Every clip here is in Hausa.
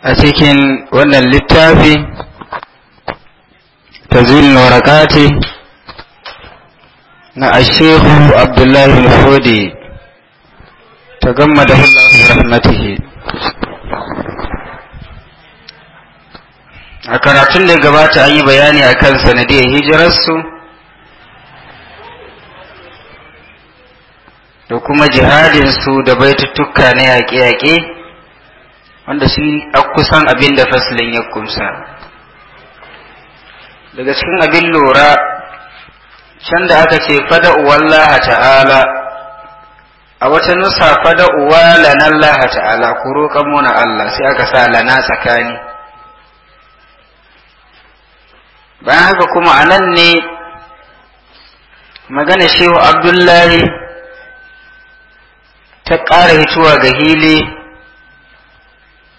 a cikin wannan littafi ta tazwilin warakati na ashehu abdullahi hudi ta gama da rahmatihi a karatun da gabata an yi bayani a kan sanadiyar hijirarsu da kuma jihadinsu da baitattuka na yaƙe-yaƙe wanda shi a kusan abin da fasilin ya kumsa daga cikin abin lura can da aka ce fada uwallaha ta'ala a wata nusa fada uwa laha ta'ala ku roƙan muna Allah sai aka sa lana tsakani bayan haka kuma a nan ne magana shehu abdullahi ta ƙara hituwa ga hili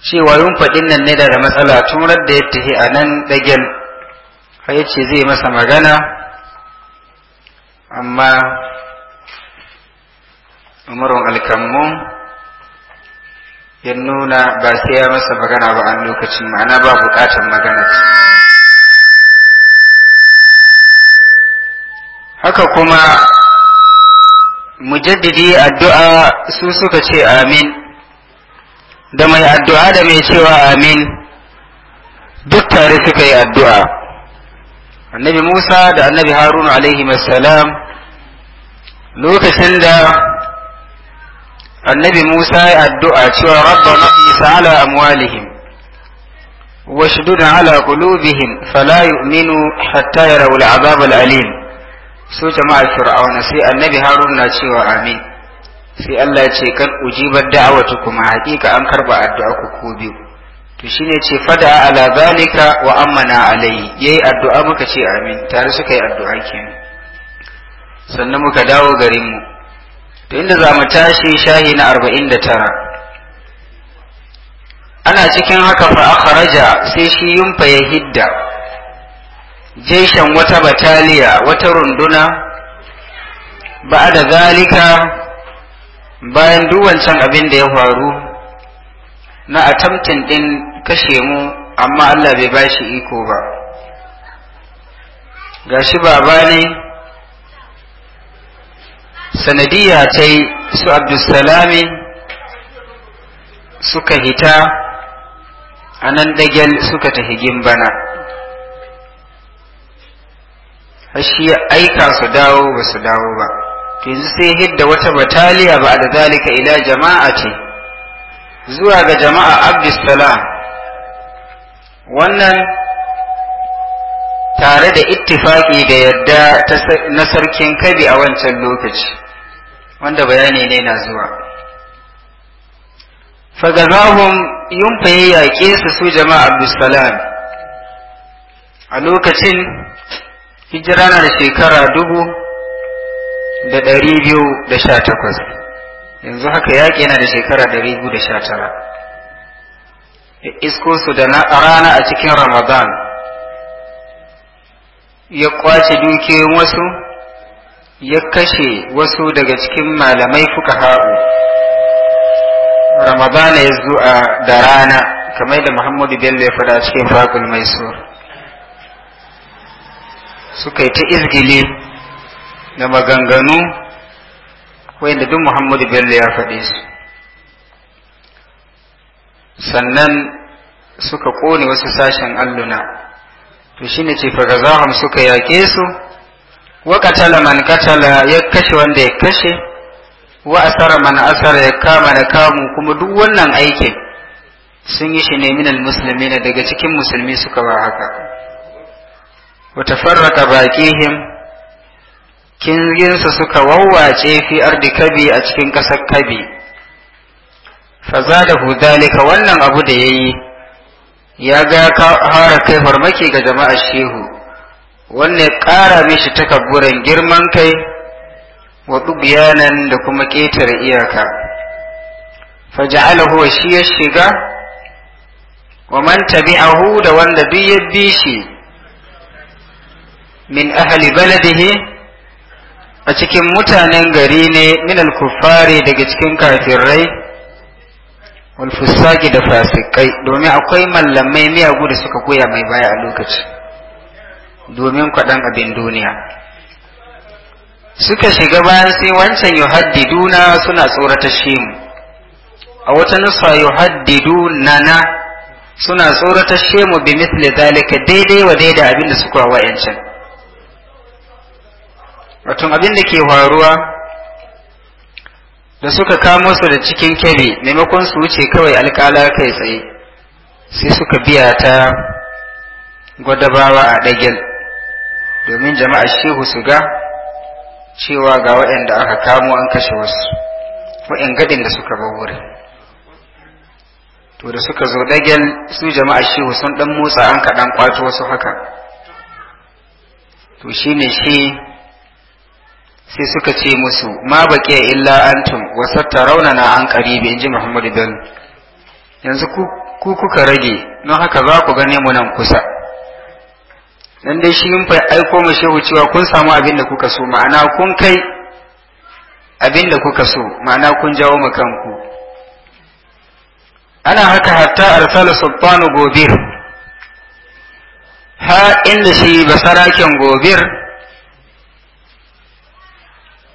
cewa rumfaɗin nan ne daga matsala tun da ya tafi a nan ɗagen har ce zai masa magana amma umarun alkammu ya nuna ba sai ya masa magana ba a lokacin ma'ana ba buƙatar magana haka kuma mujaddidi addu'a su suka ce amin da mai addu'a da mai cewa amin duk tare suka yi addu'a annabi musa da annabi haruna alaihi salam lokacin da annabi musa ya addu'a cewa rabba na ala amwalihim واشدد على قلوبهم فلا hatta, حتى يروا العذاب الأليم su jama'ar fir'auna sai annabi harun na cewa amin sai Allah ya ce kan ujibar kuma haƙiƙa an karba addu'a ku ko biyu to shine ce fada ala zalika wa amana alai yayi addu'a muka ce amin tare suka yi addu'a kenan sannan muka dawo garin mu to inda za mu tashi shahi na 49 ana cikin haka fa akhraja sai shi yumfa ya hidda jeshan wata bataliya wata runduna ba da zalika bayan duk wancan abin da ya faru na attempting din kashe mu amma Allah bai ba shi iko ba gashi baba ne sanadiyya ta su abdulsalami suka hita a nan dagel suka ta gimbana bana. shi aika su dawo ba su dawo ba to yanzu sai hidda wata bataliya ba da zalika ila jama'a ce zuwa ga jama'a abdussalam wannan tare da ittifaki da yadda na sarkin kabi a wancan lokaci wanda bayani ne na zuwa fagazahum yumfa ya yaƙe su su jama'a abdussalam a lokacin hijira na da shekara dubu da ɗari biyu da sha takwas yanzu haka yaƙi yana da shekara ɗari biyu da sha tara da isko su da rana a cikin ramadan ya kwace dukiyoyin wasu ya kashe wasu daga cikin malamai fuka ha'u ramadan ya a da rana kamar da muhammadu bello ya faɗa cikin faƙul mai suka yi ta izgili da maganganu da duk Muhammadu Bello ya faɗe su sannan suka ƙone wasu sashen alluna to ne ce fagazahum suka yaƙe su wa katala man katala ya kashe wanda ya kashe wa asara man asara ya kama da kamu kuma duk wannan aikin sun yi shi ne minal musulmi daga cikin musulmi suka ba haka wa tafarraka him. kinginsa suka wawwace fi ardi kabi a cikin ƙasar kabi fazadahu dalika wannan abu da yayi ya ga hara kai farmaki ga jama'ar shehu wannan ya ƙara mishi takaburan girman kai wa ɗubiyanan da kuma ƙetare iyaka faja'alahu wa shi ya shiga wa man tabi'ahu da wanda duk ya bi shi min ahli baladihi a cikin mutanen gari ne minal kuffari daga cikin kafirai wal fusaki da fasikai domin akwai mallamai miyagu da suka koya mai baya a lokaci domin kwaɗan abin duniya suka shiga bayan sai wancan yuhaddiduna suna tsorata shi mu a wata nusa yuhaddiduna na suna tsorata shi mu bi misali zalika daidai wa daidai abin da suka wa'yancan watan abin da ke faruwa da suka kamo su da cikin kebe maimakon su wuce kawai alƙala kai tsaye sai suka biya ta gwadabawa a ɗagel domin jama'a shehu su ga cewa ga waɗanda aka kamo an kashe wasu waɗin gadin da suka bar to da suka zo ɗagel su jama'a shehu sun ɗan motsa an kaɗan ƙwato wasu haka to shine shi sai suka ce musu ma baqiya illa antum wa tarauna na an qaribi inji Muhammad dan yanzu ku kuka rage don haka za ku gane mu nan kusa dan dai shi mun fa aiko mu shehu cewa kun samu abin da kuka so ma'ana kun kai abin da kuka so ma'ana kun jawo mu kanku ana haka hatta arsala sultanu gobir ha inda shi basaraken gobir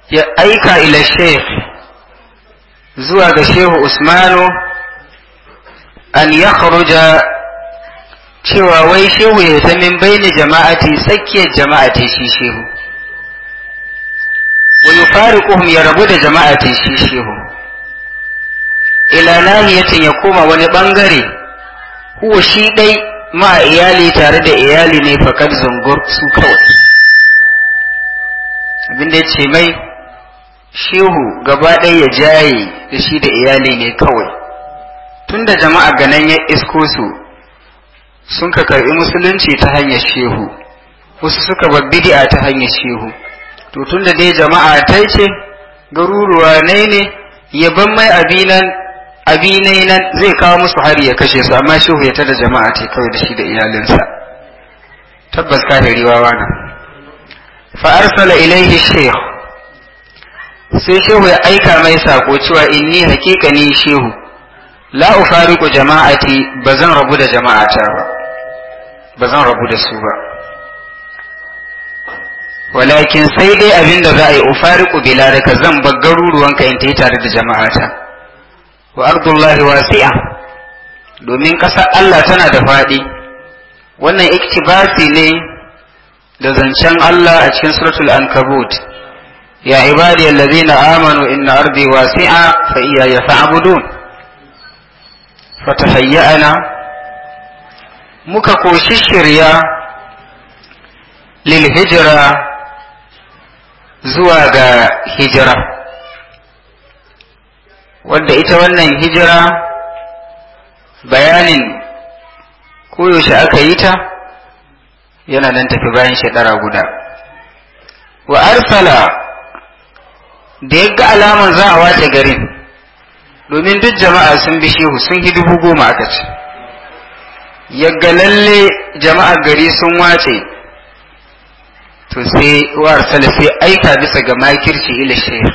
ya aika ila sheikh zuwa ga shehu usmanu an ya cewa wai shehu ya ta min baini jama'ati tsakiyar jama'ati shi shehu wa yufariquhum ya rabu da jama'ati shi shehu ila nahiyatin ya koma wani bangare huwa shi dai ma iyali tare da iyali ne fakar zungur su kawai abinda ya ce mai shehu gaba ɗaya ya jaye da shi da iyali ne kawai tun da jama'a ganan ya isko su sun ka karɓi musulunci ta hanyar shehu wasu suka bar bidi'a ta hanyar shehu to tun da dai jama'a ta ce garuruwa ne ne ya ban mai abinan abinai nan zai kawo musu hari ya kashe su amma shehu ya tada jama'a ce kawai da shi da iyalinsa tabbas kafiri wawa na fa arsala ilaihi shaykh sai shehu ya aika mai sako cewa inni hakika ni shehu la ufariqu jama'ati bazan rabu da jama'ata ba bazan rabu da su ba walakin sai dai abin da za a yi ufariqu biladaka zan bar garuruwanka in ta yi tare da jama'ata wa ardullahi wasi'a domin ƙasar Allah tana da faɗi wannan iktibasi ne da zancen Allah a cikin suratul ankabut Ya na na in يا عبادي الذين آمنوا إن أرضي واسعة فإياي a na? muka koshi shirya lil hijira zuwa ga hijira wadda ita wannan hijira bayanin koyaushe aka yi ta yana nan tafi bayan shekara guda wa arsala da ya ga alaman za a wace garin domin duk jama'a sun bi shehu sun yi dubu goma aka ce ya ga lalle jama'ar gari sun wace to sai war sai aika bisa ga makirci ila shehu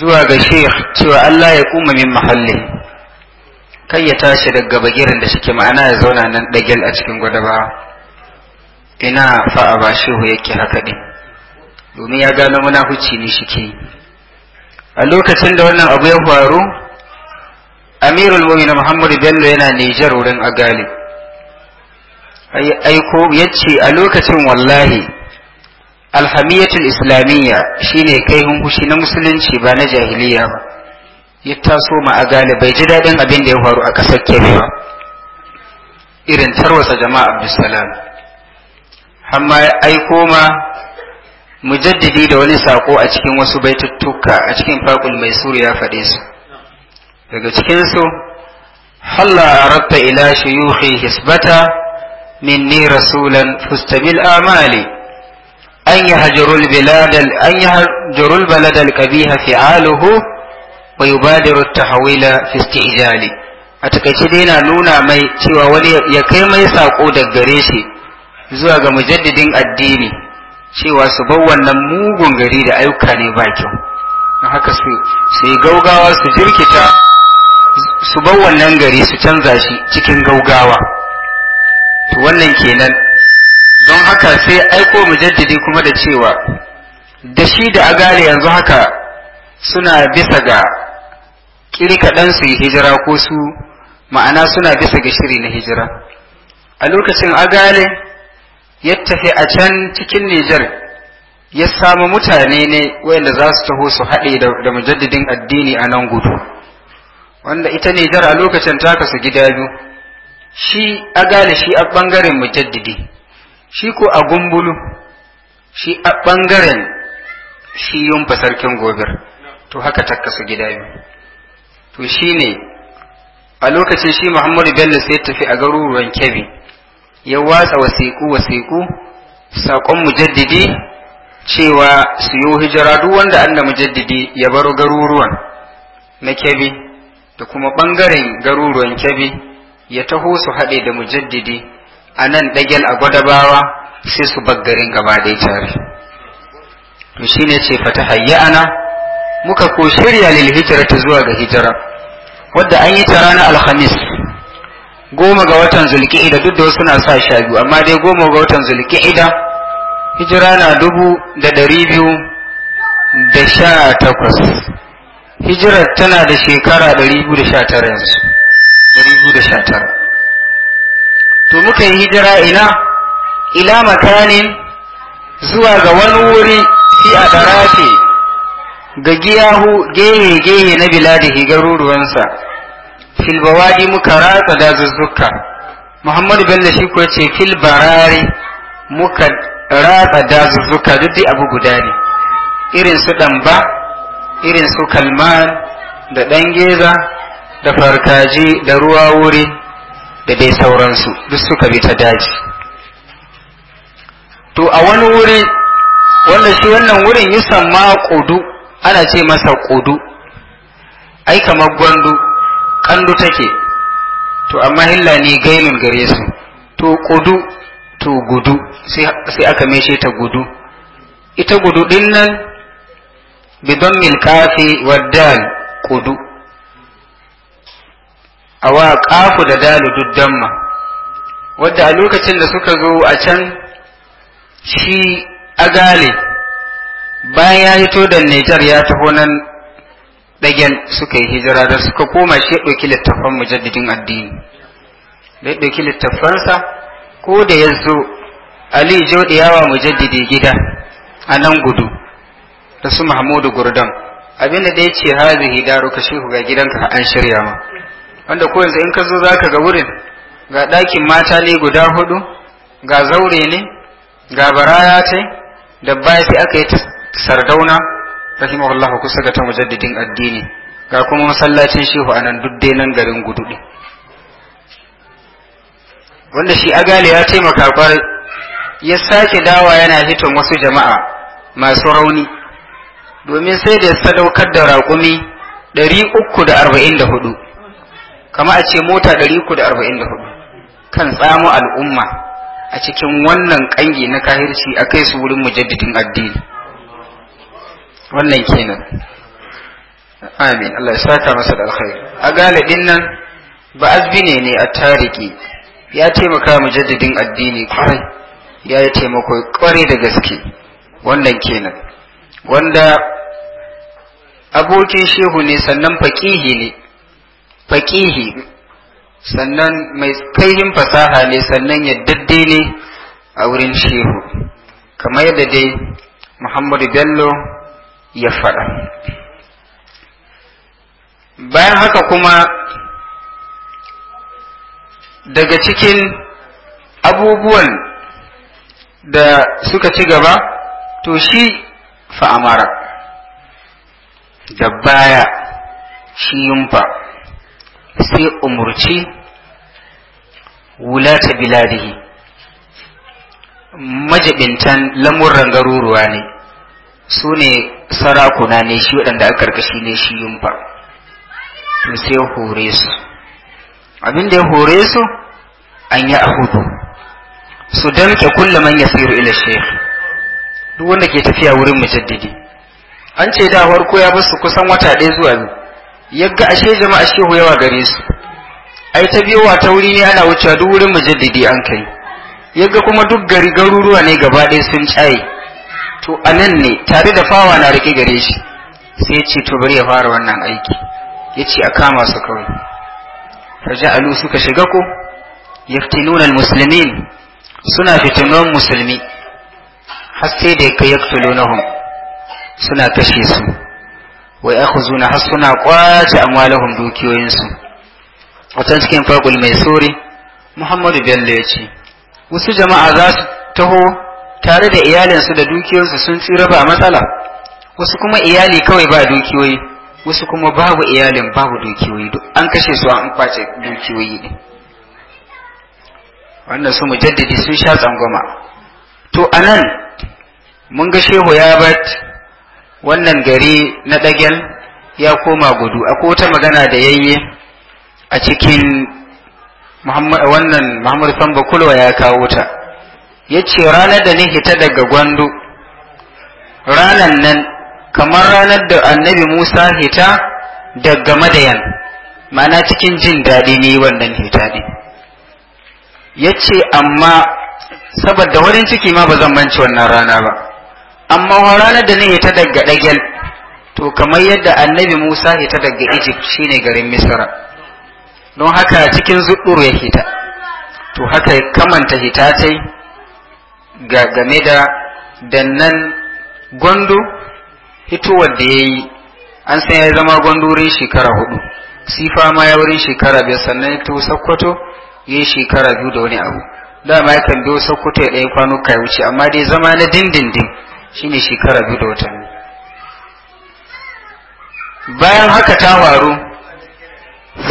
zuwa ga shehu cewa Allah ya kuma min mahalli kai ya tashi daga bagiran da shike ma'ana ya zauna nan dagel a cikin gwada ba ina fa'a ba shehu yake haka din domin ya gano munafuci ne shi ke a lokacin da wannan abu ya faru amirul mu'minin muhammad bello yana nijar wurin agali aiko ya ce a lokacin wallahi alhamiyatul islamiyya shine kai hunkushi na musulunci ba na jahiliya ba ya taso ma agali bai ji daɗin abin da ya faru a ƙasar kebe ba irin tarwasa jama'a abdulsalam amma ya aiko ma mujaddidi da wani sako a cikin wasu baituttuka a cikin fakul mai suru ya faɗe su daga cikinsu halla arabta ila shuyuhi hisbata minni rasulan fustabil amali an yahjurul biladal an yahjurul baladal kabiha aluhu wa yubadiru at-tahwila fi istijali a takaice dai na nuna mai cewa wani ya kai mai sako daga gare shi zuwa ga mujaddidin addini cewa su bar wannan mugun gari da ayyuka ne ba kyau haka su yi gaugawa su jirkita su bar wannan gari su canza shi cikin gaugawa to wannan kenan don haka sai aiko mujaddidi kuma da cewa da shi da agare yanzu haka suna bisa ga kirkaɗan su yi hijira ko su ma'ana suna bisa ga shiri na hijira a lokacin agale ya tafi a can cikin Nijar ya samu mutane ne wayanda za su taho su haɗe da mujaddidin addini a nan gudu wanda ita Nijar a lokacin ta kasu gida biyu shi a gane shi a ɓangaren mujaddidi shi ko a gumbulu shi a ɓangaren shi yumfa sarkin gobir to haka ta kasu gida biyu to shi ne a lokacin shi Muhammadu Bello sai tafi a garuruwan Kebbi ya watsa wasiku-wasiku saƙon mujaddidi cewa su yi hijira duk wanda Allah mujaddidi ya baro garuruwan na kebi da kuma ɓangaren garuruwan kebi ya taho su haɗe da mujaddidi a nan ɗagel a gwadabawa sai su baggarin gaba ɗaya tare to shine ce fata na muka ko shirya lil ta zuwa ga hijira wadda an yi ta ranar alhamis goma ga watan zulki'ida duk da wasu na sa sha biyu amma dai goma ga watan zulki'ida hijira na dubu da ɗari biyu da sha takwas hijirar tana da shekara ɗari biyu da sha tara yanzu ɗari biyu da sha tara to muka yi hijira ina ila makanin zuwa ga wani wuri fi a ɗarafe ga giyahu gehe-gehe na biladihi garuruwansa fil bawadi muka ratsa dazuzzuka muhammadu bello shi ko ce fil muka ratsa dazuzzuka duk dai abu guda ne irin su ɗanba irin su kalman da geza da farkaji da ruwa wuri da dai sauransu duk suka bi ta daji to a wani wuri wanda shi wannan wurin yi ma ƙudu ana ce masa ƙudu ai kamar gwandu hannu take to amma hilla ne gainin gare su to kudu to gudu sai aka meshe ta gudu ita gudu din nan bidon milkafi waddal kudu a wa kafu da dalu duddamma wadda a lokacin da suka zo a can shi agale bayan ya hito da Nijar ya taho nan Dagen suka yi hijira da suka koma shi ya ɗauki littafan mujaddidin addini da ya ɗauki littafansa ko da ya zo ali yawa mujaddidi gida a nan gudu da su mahmudu gurdan abinda da ya ce hazi daru ka shehu ga gidanka an shirya ma wanda ko yanzu in ka zo za ka ga wurin ga ɗakin mata ne guda hudu ga zaure ne ga baraya ce da baya sai aka yi sardauna Allah kusa ga ta mujaddidin addini ga kuma masallacin shehu a nan duk nan garin gudu wanda shi agale ya taimaka kwarai ya sake dawa yana hiton wasu jama'a masu rauni domin sai da sadaukar da raƙumi 344 uku kama a ce mota 344 kan tsamo al'umma a cikin wannan ƙangi na kahirci a kai su wurin mujaddidin addini wannan kenan amin Allah ya saka masa da alkhairi a galibin nan ba azbine ne a tariki ya taimaka jaddadin addini kwarai ya yi taimako kwarai da gaske wannan kenan wanda abokin shehu ne sannan faƙihi ne faƙihi sannan mai kaihin fasaha ne sannan yaddadde ne a wurin shehu kamar yadda dai muhammadu bello ya faɗa bayan haka kuma daga cikin abubuwan da suka ci gaba to shi fa'amara da baya shi yumfa sai umurci wulata biladihi majibintan lamurran garuruwa ne su ne sarakuna ne shi waɗanda aka karkashi ne shi yunfa. to sai hore su abin da ya hore su an yi a hudu su dalke kulla man yasiru ila shekh duk wanda ke tafiya wurin mujaddidi an ce da farko ya basu kusan wata ɗaya zuwa biyu yagga ashe jama'a shehu yawa gare su ai ta biyowa ta wuri ne ana wucewa duk wurin mujaddidi an kai yagga kuma duk gari garuruwa ne gaba ɗaya sun caye to anan ne tare da fawa na rike gare shi sai ce to bari ya fara wannan aiki ya ce a kama su kawai faja'alu suka shiga ko yaftinuna almuslimin suna fitinon musulmi har sai da kai yaktulunahum suna kashe su wa yakhuzuna har suna kwace amwalahum dukiyoyinsu watan cikin fagul mai sori muhammadu bello ya ce wasu jama'a za su taho tare da iyalinsu da dukiyarsu sun tsira ba matsala wasu kuma iyali kawai ba dukiyoyi wasu kuma babu iyalin babu dukiyoyi an kashe su an kwace dukiyoyi ne wannan su mujaddidi sun sha tsangwama to anan mun ga shehu ya bat wannan gari na ɗagel ya koma gudu akwai wata magana da yayye a cikin wannan muhammadu Kulwa ya kawo ta ya ce ranar da ni hita daga gwandu ranan nan kamar ranar da annabi musa hita daga madayan ma'ana cikin jin daɗi ne wannan hita ne ya ce amma saboda wurin ciki ma ba zan manci wannan rana ba amma ranar da ni hita daga ɗagen to kamar yadda annabi musa hita daga egypt shine garin misra don haka cikin zuɗuru ya hita to haka kamanta hita sai. ga game da dannan gwando hitowar da ya yi an san ya zama gwando wurin shekara hudu sifa ma ya wurin shekara biyar sannan ya tuwo sakkwato ya yi shekara biyu da wani abu dama ya kan biyo sakkwato ya ɗaya kwano ka wuce amma dai zama na dindindin shine shekara biyu da watanni bayan haka ta faru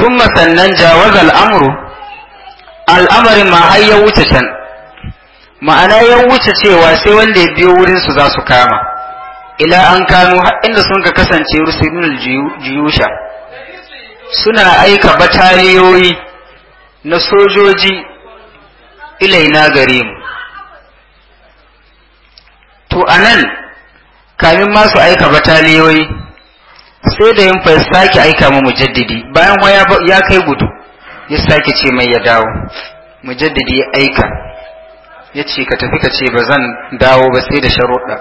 sun sannan jawaz al'amuru al'amarin ma har ya wuce can ma'ana ya wuce cewa sai wanda ya biyo wurin su za su kama ila an kano inda sun ka kasance rusulun jiyusha suna aika bataliyoyi na sojoji ilaina gare mu to anan kamin ma su aika bataliyoyi sai da yin fai sake aika mu mujaddidi bayan ya kai gudu ya sake ce mai ya dawo mujaddidi ya aika ya ce ka tafi ka ce ba zan dawo ba sai da sharuɗa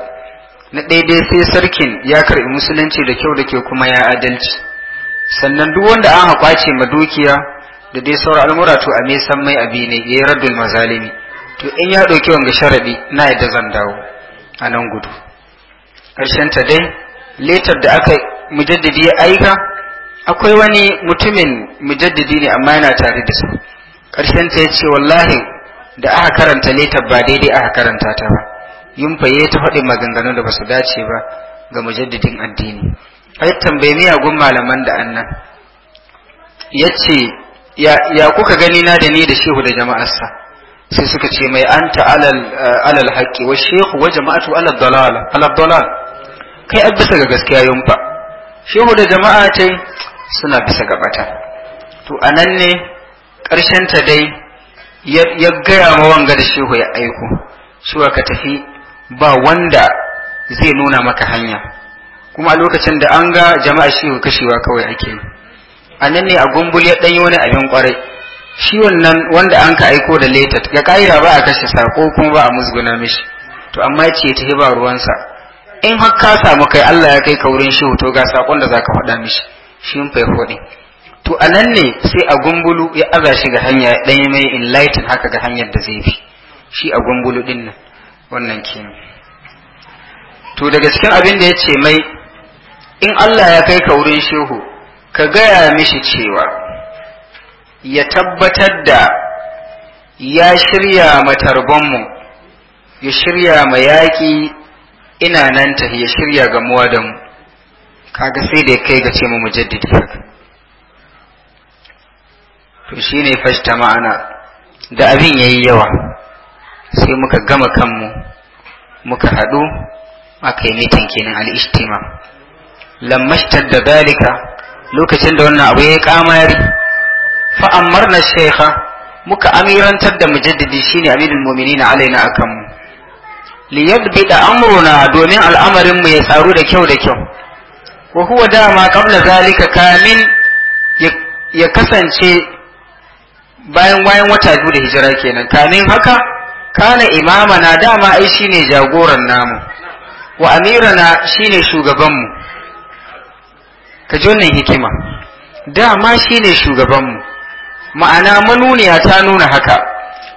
na daidai sai sarkin ya karɓi musulunci da kyau da ke kuma ya adalci sannan duk wanda an haƙwace ma dukiya da dai sauran al'amura to a me san mai abi ne ya yi raddul mazalimi to in ya ɗauki wanga sharaɗi na yadda zan dawo a nan gudu ƙarshen ta dai letar da aka mujaddidi ya aika akwai wani mutumin mujaddadi ne amma yana tare da su ƙarshen ta ya ce wallahi da aka karanta letar ba daidai aka karanta ta ba faye ta faɗi maganganu da basu dace ba ga mujaddidin addini ai tambaye miyagun malaman da annan ya ce ya kuka gani na da ni da shehu da jama'arsa sai suka ce mai anta alal eh, haƙƙi wa shehu wa jama'atu alal dalal kai a bisa ga gaskiya fa shehu da jama'a ta suna bisa ga bata to anan ne ƙarshen ta dai ya gaya ma wanga da shehu ya aiko cewa ka tafi ba wanda zai nuna maka hanya kuma a lokacin da an ga jama'a shehu kashewa kawai ake yi a nan ne a gumbul ya ɗanyi wani abin kwarai shi wannan wanda an ka aiko da latat ga ƙa'ira ba a kashe sako kuma ba a musguna mishi to amma ya ce ta ba ruwansa in har ka samu kai Allah ya kai ka wurin shehu to ga sakon da za ka faɗa mishi shi mun fai to anan ne sai a gumbulu ya aza shi ga hanya ɗaya mai enlighten haka ga hanyar da zai bi shi a gumbulu ɗin nan wannan kenan to daga cikin abin da ya ce mai in Allah ya kai ka wurin shehu ka gaya mishi cewa ya tabbatar da ya shirya matarbonmu ya shirya ma yaƙi ina nan ta ya shirya gamuwa da mu kaga sai da ya kai ga ce mu mujaddidi haka to shine fashta ma'ana da abin yayi yawa sai muka gama kanmu muka haɗu aka yi mitin kenan al'ishtima lammashtar da dalika lokacin da wannan abu ya kamari fa'ammar na shekha muka amirantar da mujaddidi shine amirul muminin alaina a kanmu liyadbi da amruna domin al'amarinmu ya tsaru da kyau da kyau wa huwa dama qabla zalika kamin ya kasance bayan wayan wata biyu da hijira kenan kamin haka kana imama na dama ai shine jagoran namu wa amirana shine shugabanmu ka ji wannan hikima dama shine shugabanmu ma'ana manuniya ta nuna haka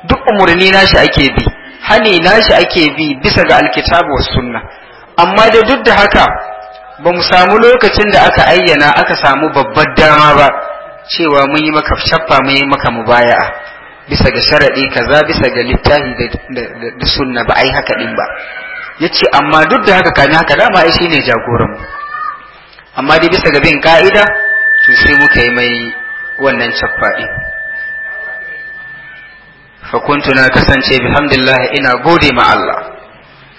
duk umarni nashi ake bi hani nashi ake bi bisa ga alkitabu was sunna amma da duk da haka ba mu samu lokacin da aka ayyana aka samu babbar dama ba cewa mun yi maka shaffa mun yi maka mubaya'a bisa ga sharaɗi kaza bisa ga littafi da sunna ba a haka din ba yace ce amma duk da haka kami haka dama ai shine jagoran amma dai bisa ga bin ka'ida to sai muka yi mai wannan cappa ɗin fakuntu na kasance bihamdillah ina gode ma Allah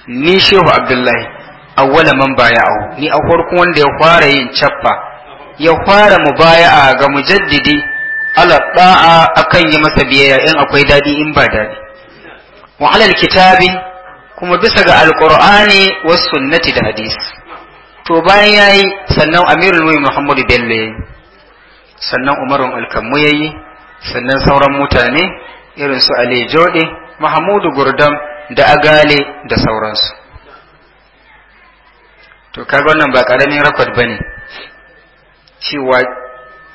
ni shehu abdullahi awwala man baya'u ni a farkon wanda ya fara yin cappa ya fara a ga mujaddidi ala da'a akan yi masa biyayya in akwai daɗi in ba daɗi wa kitabi kuma bisa ga alqur'ani wasu sunnati da hadisi to bayan yayi sannan amirul mu'minin muhammadu bello yayi sannan umarun alkammu yayi sannan sauran mutane irin su ali jode mahmudu gurdam da agale da sauransu to kaga wannan ba karamin rakwad bane cewa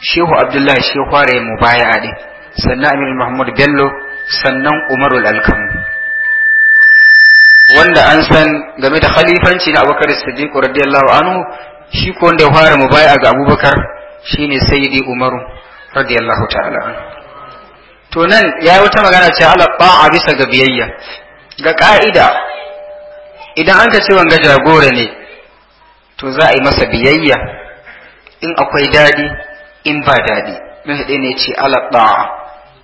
shehu abdullahi shehu fara mu baya a sannan amir mahmud bello sannan Umaru alkamu wanda an san game da khalifanci na abubakar siddiq radiyallahu anhu shi ko wanda ya fara mu baya ga abubakar shine sayyidi umaru radiyallahu ta'ala to nan ya wata magana ce ala a bisa ga biyayya ga ka'ida idan an ka ce wanga jagora ne to za a yi masa biyayya in akwai daɗi in ba daɗi don hade ne ce ala ta'a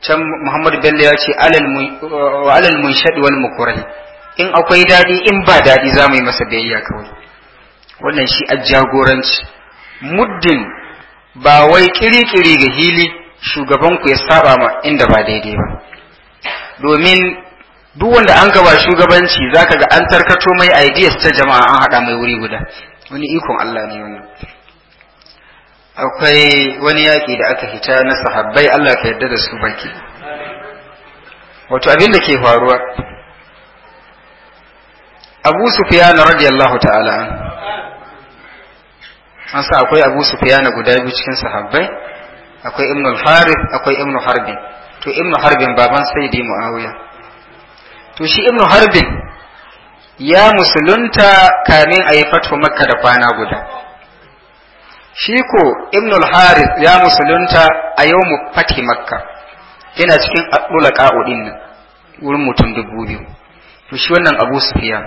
can muhammad bello ya ce alal munshad wal mukurai in akwai daɗi in ba daɗi za mu yi masa biyayya kawai wannan shi a jagoranci muddin ba wai kirikiri ga hili shugabanku ya saba ma inda ba daidai ba domin duk wanda an gaba shugabanci zaka ga an tarkato mai ideas ta jama'a an haɗa mai wuri guda wani ikon Allah ne wannan akwai wani yaƙi da aka hita na sahabbai Allah ka yarda da su baki wato abin da ke faruwa Abu Sufyan radiyallahu ta'ala an sa akwai Abu Sufyan guda biyu cikin sahabbai akwai Ibn al-Harith akwai Ibn Harbin to Ibn Harbin baban Sayyidi Muawiya to shi Ibn Harbin ya musulunta kamin a yi fatwa Makka da kwana guda shi ko ibn al-harith ya musulunta a yau mu fati makka yana cikin adula ka'udin nan wurin mutum dubu biyu to shi wannan abu sufiyan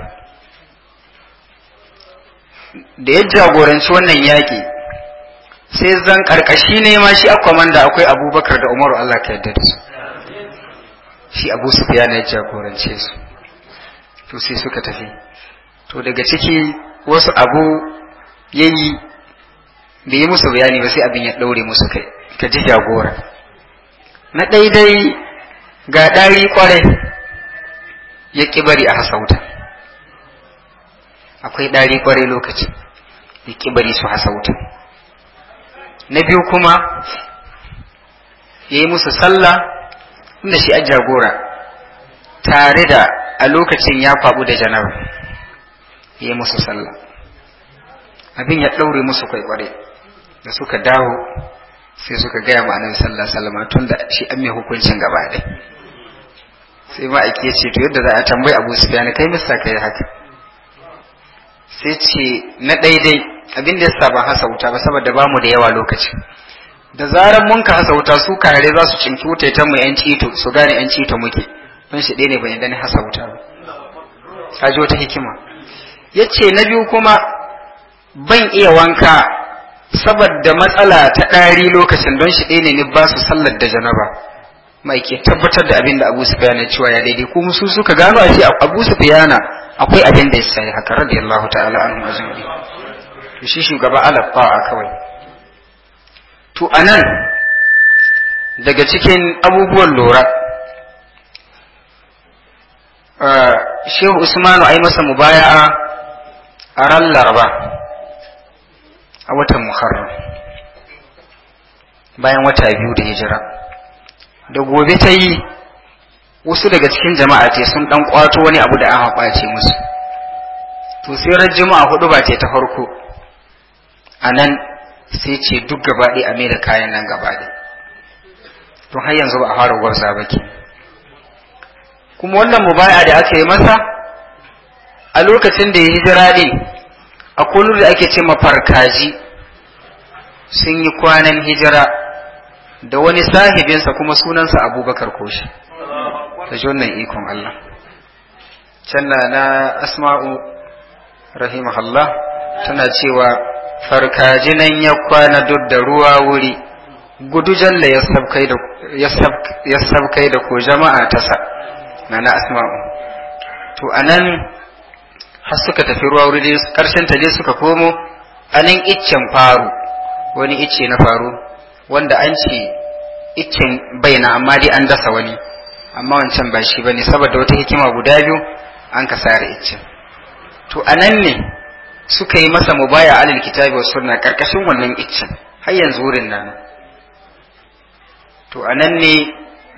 da ya jagoranci wannan yaƙi sai zan karkashi ne ma shi akwaman da akwai abubakar da umaru allah ka yarda da su shi abu sufiyan ya jagorance su to sai suka tafi to daga ciki wasu abu yayi bai yi musu bayani ba sai abin ya ɗaure musu kai ka ji jagora na daidai ga ɗari kwarai ya ƙi bari a hasauta akwai ɗari kwarai lokaci ya ƙi bari su hasauta na biyu kuma ya yi musu sallah inda shi a jagora tare da a lokacin ya kwabu da janar ya yi musu sallah abin ya ɗaure musu kwaikwarai da suka dawo sai suka gaya ma annabi sallallahu alaihi tun da shi an mai hukuncin gaba ɗaya sai ma ake ce to yadda za a tambayi Abu Sufyan kai mista kai haka sai ce na daidai abin da yasa ba hasa wuta ba saboda ba mu da yawa lokaci da zarar mun ka hasa wuta su kare za su cinki wuta ta mu yan cito su gane yan cito muke don shi ɗaya ne ban yadda ni hasa wuta ba ka ji wata hikima yace na biyu kuma ban iya wanka saboda matsala ta ɗari lokacin don shi ɗaya ne ni ba su sallar da janaba mai ke tabbatar da abin da abu sufiyana cewa ya daidai ko musu suka gano a ce abu bayana akwai abin da ya sai haka radiyallahu ta'ala anhu azumi to shi shugaba alaf a kawai to a nan daga cikin abubuwan lura eh, shehu usmanu yi masa mubaya'a a ran laraba a watan muharram bayan wata biyu da hijira da gobe ta yi wasu daga cikin jama'a ce sun dan kwato wani abu da aka kwace musu to sai ran juma'a hudu ba ce ta farko a nan sai ce duk gaba ɗaya a mai da kayan nan gaba ɗaya to har yanzu ba a fara gwarza ba ke kuma wannan mubaya da aka yi masa a lokacin da ya hijira ɗin. a kullum da ake ce farkaji sun yi kwanan hijira da wani sahibinsa kuma sunansa abubakar koshi da jonnan ikon Allah can na na asma'u rahimahallah tana cewa farkaji nan ya kwana duk da ruwa wuri gudu da ya sabkai da ko jama'a tasa na na asma'u to anan har suka tafi ruwa wuri dai karshen ta je suka komo anan iccen faru wani icce na faru wanda an ce iccen na amma dai an dasa wani amma wancan ba shi bane saboda wata hikima guda biyu an ka sare iccen to anan ne suka yi masa mubaya alin kitabi wa sunna karkashin wannan iccen har yanzu wurin nan to anan ne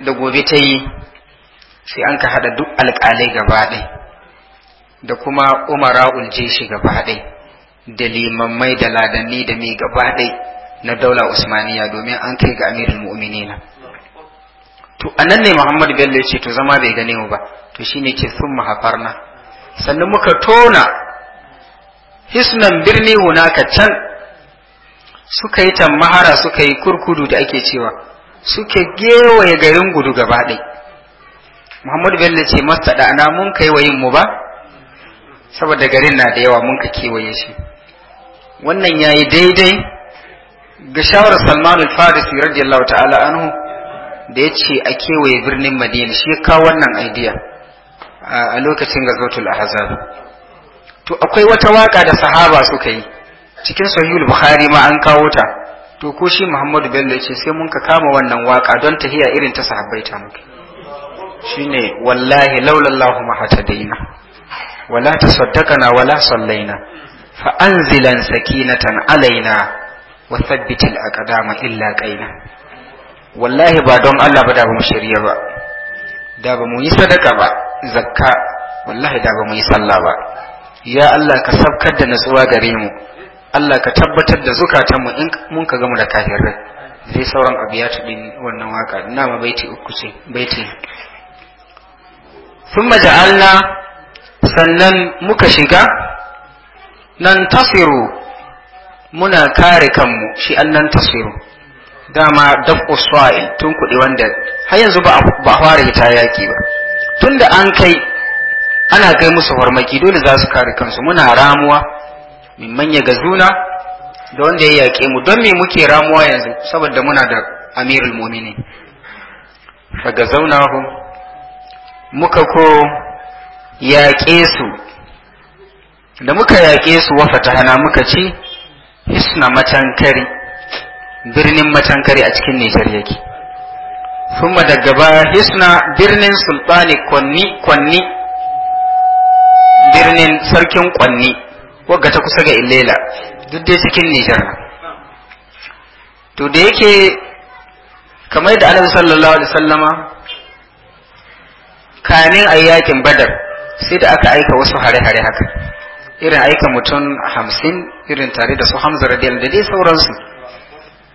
da gobe ta yi sai an ka hada duk alƙalai gaba ɗaya da kuma umara'ul jeshi gaba ɗai da limammai da ladanni da mai gaba ɗai na daula usmaniya domin an kai ga amirul mu'minina to anan ne muhammad bello ce to zama bai gane mu ba to shine ce sun mahafarna sannan muka tona hisnan birni hunaka can suka yi tamahara suka yi kurkudu da ake cewa suka gewaye garin gudu gaba ɗai muhammad bello ce masta mun kai wa yin mu ba saboda garin na da yawa mun ka kewaye shi wannan yayi daidai ga shawarar Salman al-Farisi radiyallahu ta'ala anhu da yace a kewaye birnin Madina shi ya kawo wannan idea a lokacin gazwatul ahzab to akwai wata waka da sahaba suka yi cikin sahihul bukhari ma an kawo ta to ko shi Muhammadu Bello ya ce sai mun ka kama wannan waka don tahiya irin ta sahabbai ta muke shine wallahi laulallahu ma hatadaina wala tasaddaqana wala sallaina fa anzilan sakinatan alaina wa thabbitil aqdama illa qaina wallahi ba don Allah ba da ba mu shirya ba da ba yi sadaka ba zakka wallahi da ba mu yi sallah ba ya Allah ka sabkar da natsuwa gare mu Allah ka tabbatar da zukatanmu in mun ka gamu da kafirai zai sauran abu ya tuɗi wannan waka Ina ma baiti uku ce baiti sun maja'alna sannan muka shiga nan tasiru muna kare kanmu shi an nan tasiru dama daf'u sa'il tun kuɗi wanda har yanzu ba a fara hita yaki ba tunda an kai ana kai musu farmaki dole za su kare kansu muna ramuwa min manya ga da wanda ya yaƙe mu don me muke ramuwa yanzu saboda muna da amirul mumini faga zaunahu muka ko yaƙe su da muka yaƙe su wafata hana muka ce hisna matankari birnin matankari a cikin nijar yake kuma daga ba hisna birnin sultani kwanni kwanni birnin sarkin kwanni wagga ta kusa ga illela duk dai cikin nijar to da yake kamar da annabi sallallahu alaihi sallama kanin a yakin badar sai da aka aika wasu hare-hare haka irin aika mutum hamsin irin tare da su hamza radiyallahu da dai sauransu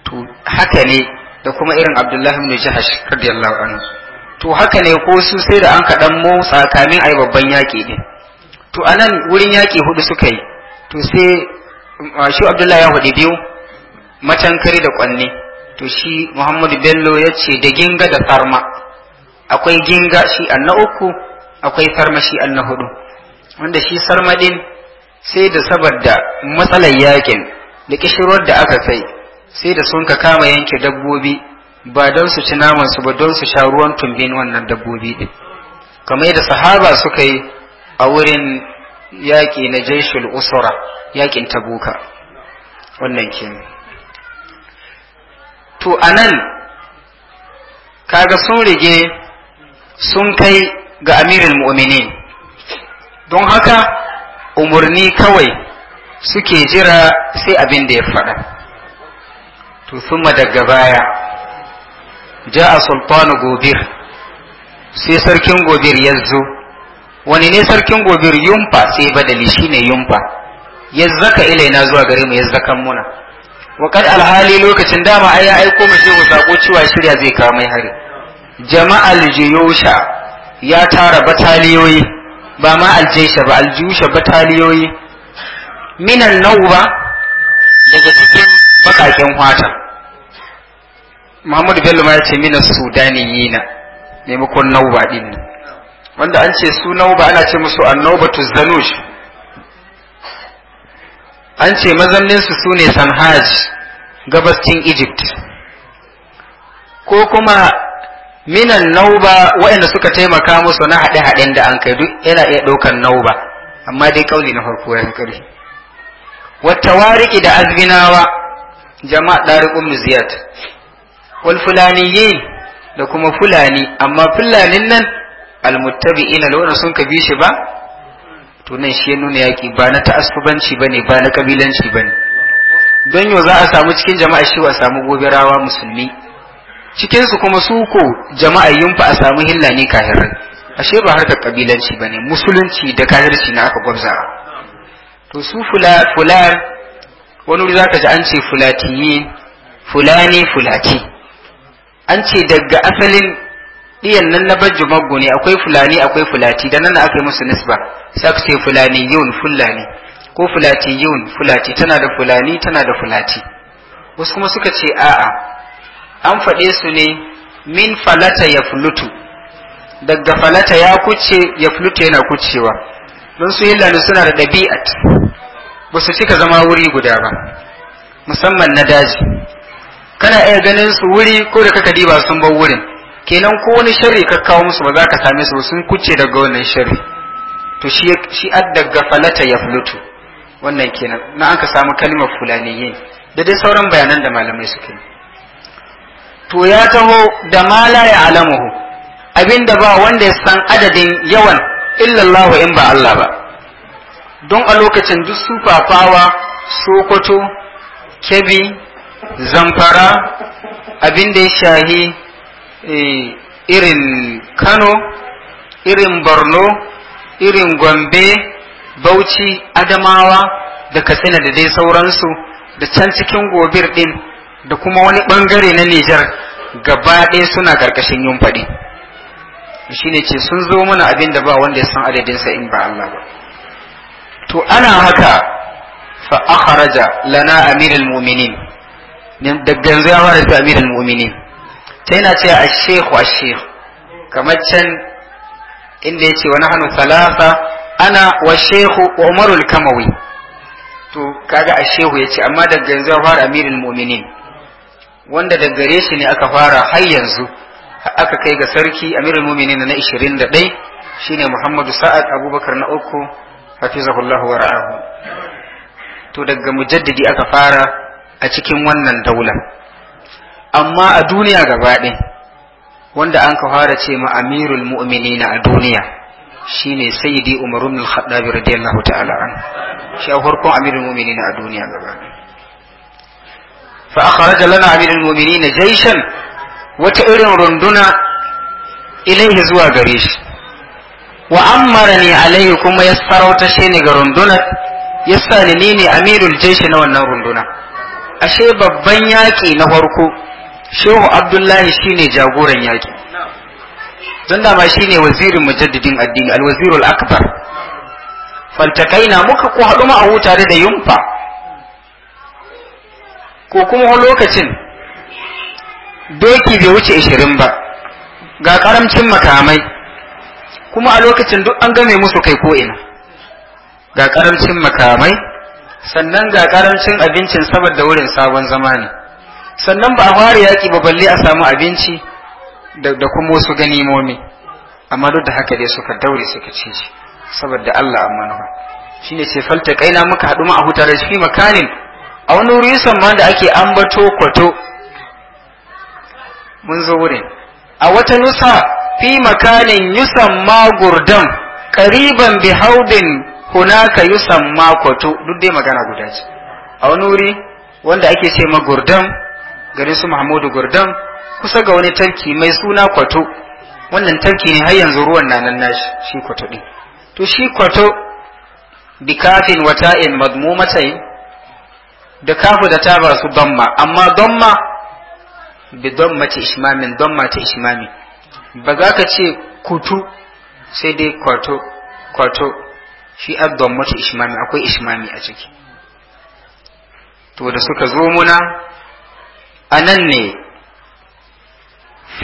to haka ne da kuma irin abdullahi ibn jahash radiyallahu anhu to haka ne ko su sai da an kaɗan motsa kamin ai babban yaƙi ne to anan wurin yaƙi hudu suka yi to sai shi abdullahi ya hudu biyu matankari da kwanne to shi muhammadu bello ya ce da ginga da farma akwai ginga shi an na uku akwai farmashi an na hudu wanda shi sarmadin sai da saboda matsalar yakin da kishirwar da aka sai sai da sun ka kama yanke dabbobi ba don su ci naman su ba don su sha ruwan tumbin wannan dabbobi din kamar yadda sahaba suka yi a wurin yaƙi na jaishul usura yaƙin tabuka wannan ke to anan kaga sun rige sun kai ga amirul mu'minin don haka umarni kawai suke jira sai abin da ya faɗa to summa daga baya ja'a sultanu gobir sai sarkin gobir ya zo wani ne sarkin gobir yumfa sai badali shine yumfa yazzaka ilaina zuwa gare mu yazzakan muna wakar alhali lokacin dama ai ya aiko mu shehu sako cewa shirya zai kawo mai hari jama'al jiyusha ya tara bataliyoyi ba ma aljesha ba aljusha bataliyoyi minan nauba daga cikin bakakin hwata. Muhammadu Bello ma ya ce minan sudaniyina maimakon nauba din wanda an ce su nauba ana ce musu tu zanush an ce mazanninsu su ne sanhaj gabascin egypt ko kuma minan nauba waɗanda suka taimaka musu na haɗe-haɗen da an kai duk yana iya ɗaukar nauba amma dai kauli na farko ya kare wata wariki da azminawa jama'a ɗariƙun muziyat wal fulaniyin da kuma fulani amma fulanin nan almuttabi'ina da sun ka bi shi ba to nan shi nuna yaƙi ba na ta'assubanci ba ne ba na ƙabilanci ba ne don yau za a samu cikin jama'a shi wa samu gobe rawa musulmi cikin su kuma su ko jama'a yin fa a samu hilla ne kahir ashe ba harka kabilanci bane musulunci da kahirci na aka gwabza to su fula fular wani wuri zaka ji an ce fulatiyi fulani fulati an ce daga asalin diyan nan na bajju maggo ne akwai fulani akwai fulati da nan aka yi musu nisba saka ce fulani yun fulani ko fulati yun fulati tana da fulani tana da fulati wasu kuma suka ce a'a an faɗe su ne min falata ya fulutu daga falata ya kuce ya fulutu yana kucewa don su hillanu suna da ɗabi'at ba su cika zama wuri guda ba musamman na daji kana iya ganin su wuri ko da kaka diba sun bar wurin kenan ko wani sharri ka kawo musu ba za ka same su sun kuce daga wannan sharri to shi daga falata ya fulutu wannan kenan na an ka samu kalmar fulaniyin da dai sauran bayanan da malamai suka yi to ya taho da ma la ya'lamuhu abinda ba wanda ya san adadin yawan illallahu in ba Allah ba don a lokacin duk sufafawa sokoto kebi zamfara abinda ya shahi eh, irin kano irin borno irin gombe bauchi adamawa da katsina da dai sauransu da can cikin gobir din da kuma wani bangare na Nijar gaba ɗaya suna karkashin yunfaɗi shi ne ce sun zo mana abin da ba wanda ya san adadinsa in ba Allah ba to ana haka fa akharaja lana amirul mu'minin daga yanzu ya fara da amirul mu'minin ta yana ce a shehu a shehu kamar can inda ya ce wani hannu salasa ana wa shehu umarul kamawi to kaga a shehu ya ce amma daga yanzu ya fara amirul mu'minin wanda da gare shi ne aka fara har yanzu aka kai ga sarki amirul muminin na 21 shine muhammadu sa'ad abubakar na uku hafizahullahu wa ra'ahu to daga mujaddidi aka fara a cikin wannan daula amma a duniya gaba ɗin, wanda an ka fara ce ma amirul mu'minina a duniya shine sayyidi umar ibn al-khattab radiyallahu ta'ala an shi a farkon amirul mu'minina a duniya gaba ɗaya fa akhraja lana min almu'minina jayshan wata irin runduna ilaihi zuwa gare shi wa ne alaihi kuma ya sarauta shi ne ga runduna ya sani ni ne amirul jaishi na wannan runduna ashe babban yaƙi na farko shehu abdullahi shine jagoran yaƙi don shine wazirin mujaddidin addini alwazirul akbar na muka ko haɗu ma'ahu tare da yumfa ko kuma lokacin doki bai wuce ishirin ba ga karamcin makamai kuma a lokacin duk an game musu kai ko'ina ga karamcin makamai sannan ga karamcin abincin saboda wurin sabon zamani sannan ba a fara yaƙi ba balle a samu abinci da kuma wasu ganimomi amma duk da haka dai suka daure suka ci shi saboda Allah amma nawa shine ce falta kaina muka haɗu ma a hutarar shi makanin a wani wuri ma da ake ambato kwato mun zo wurin a wata nusa fi makanin ma gurdam kariban bi haudin hunaka yusan ma kwato duk dai magana guda ce a wani wuri wanda ake ce ma gurdam garin su Mahmudu gurdan kusa ga wani tarki mai suna kwato wannan tarki ne har yanzu ruwan na nan nashi shi kwato din to shi kwato bikafin wata'in madmumatai da kafu da ta su damma amma damma bi damma ta ismami damma ta ishmami ba za ka ce kutu sai dai kwato kwato shi a damma ta akwai ishimami a ciki to da suka zo muna a nan ne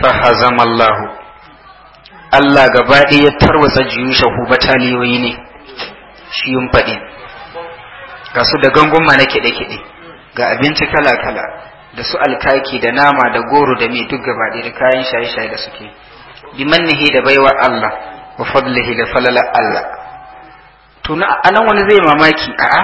fahazamallahu Allah gaba ɗaya ya jiyu shahu bataliyoyi ne shi yin faɗi ga su da ma na kiɗe-kiɗe ga abinci kala-kala da su alkaki da nama da goro da mai duk gaba da kayan shaye-shaye da suke bi mannihi da baiwa Allah wa fadlihi da falala Allah to na anan wani zai mamaki a'a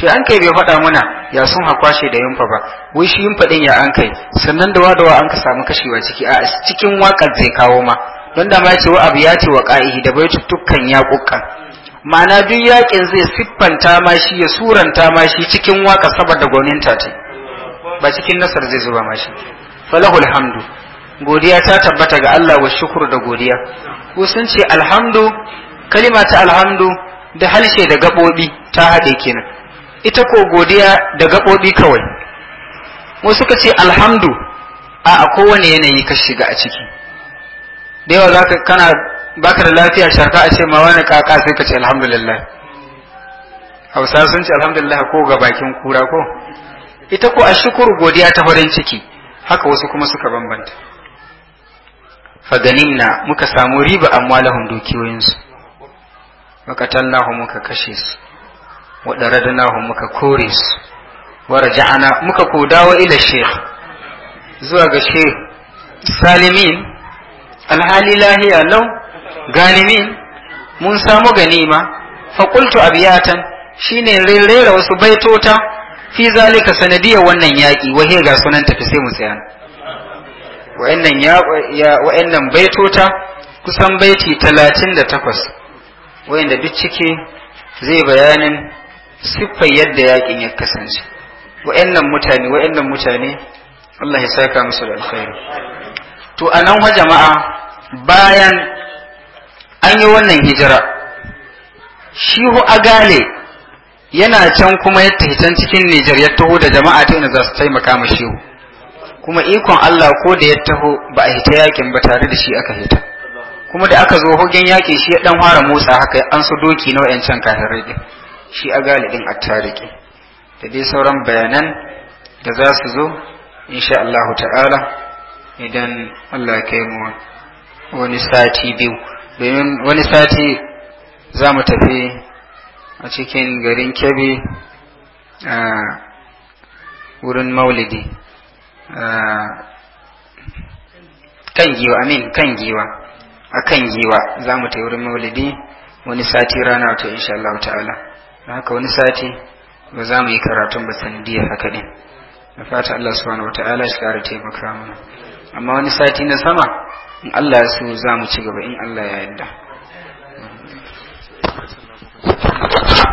to an kai bai faɗa muna ya sun hakwashe da yunfa ba wai shi yunfa din ya an kai sannan da wadawa an ka samu kashewa ciki a cikin waƙar zai kawo ma don da ma ya ce wa abu ya ce wa ƙa'ihi da bai dukkan ya ƙuƙƙan ma'ana duk yaƙin zai siffanta ma shi ya suranta ma shi cikin waka saboda ta ce ba cikin nasar zai zuba ma shi falahul hamdu godiya ta tabbata ga Allah wa shukur da godiya ko sun ce alhamdu kalima ta alhamdu da halshe da gabobi ta haɗe kenan ita ko godiya da gabobi kawai wasu suka ce alhamdu a a kowane yanayi ka shiga a ciki da yawa za ka kana baka da lafiya sharka a ce ma wani kaka sai ka ce alhamdulillah hausa sun ce alhamdulillah ko ga bakin kura ko ita ko a shukuru godiya ta farin ciki haka wasu kuma suka bambanta na muka samu riba amwalahum dukiyoyinsu makatallahu muka kashe su wadaradnahu muka kore su ja'ana muka kodawa ila sheikh zuwa ga sheikh salimin alhali lahiya lau Ganimi mun samu ganima faƙultu abiyatan shine rera wasu baitota fi zalika sanadiyar wannan yaƙi wahe ga sunan tafi sai mu tsaya wa'annan baitota kusan baiti talatin da wa'anda duk ciki zai bayanin siffar yadda yaƙin ya kasance wa'annan mutane wa'annan mutane Allah ya saka musu da alkhairi to anan wa jama'a bayan an yi wannan hijira shihu agale yana can kuma ya tahitan cikin Nijar ya taho da jama'a ta inda za su taimaka ma shihu kuma ikon Allah ko da ya taho ba a hita yakin ba tare da shi aka hita kuma da aka zo hogen yaki shi ya dan fara motsa haka an su doki na wayancan kafirai din shi agale din attariki da dai sauran bayanan da za su zo insha Allah ta'ala idan Allah ya kai mu wani sati biyu domin wani sati za mu tafi a cikin garin kebe a wurin maulidi kan giwa amin kan giwa a kan giwa za mu tafi wurin maulidi wani sati rana wato insha Allah ta'ala haka wani sati ba za mu yi karatun ba sanadiyar haka ne na fata Allah subhanahu wa ta'ala shi kara taimaka mana amma wani sati na sama in Allah ya so za mu ci gaba in Allah ya yarda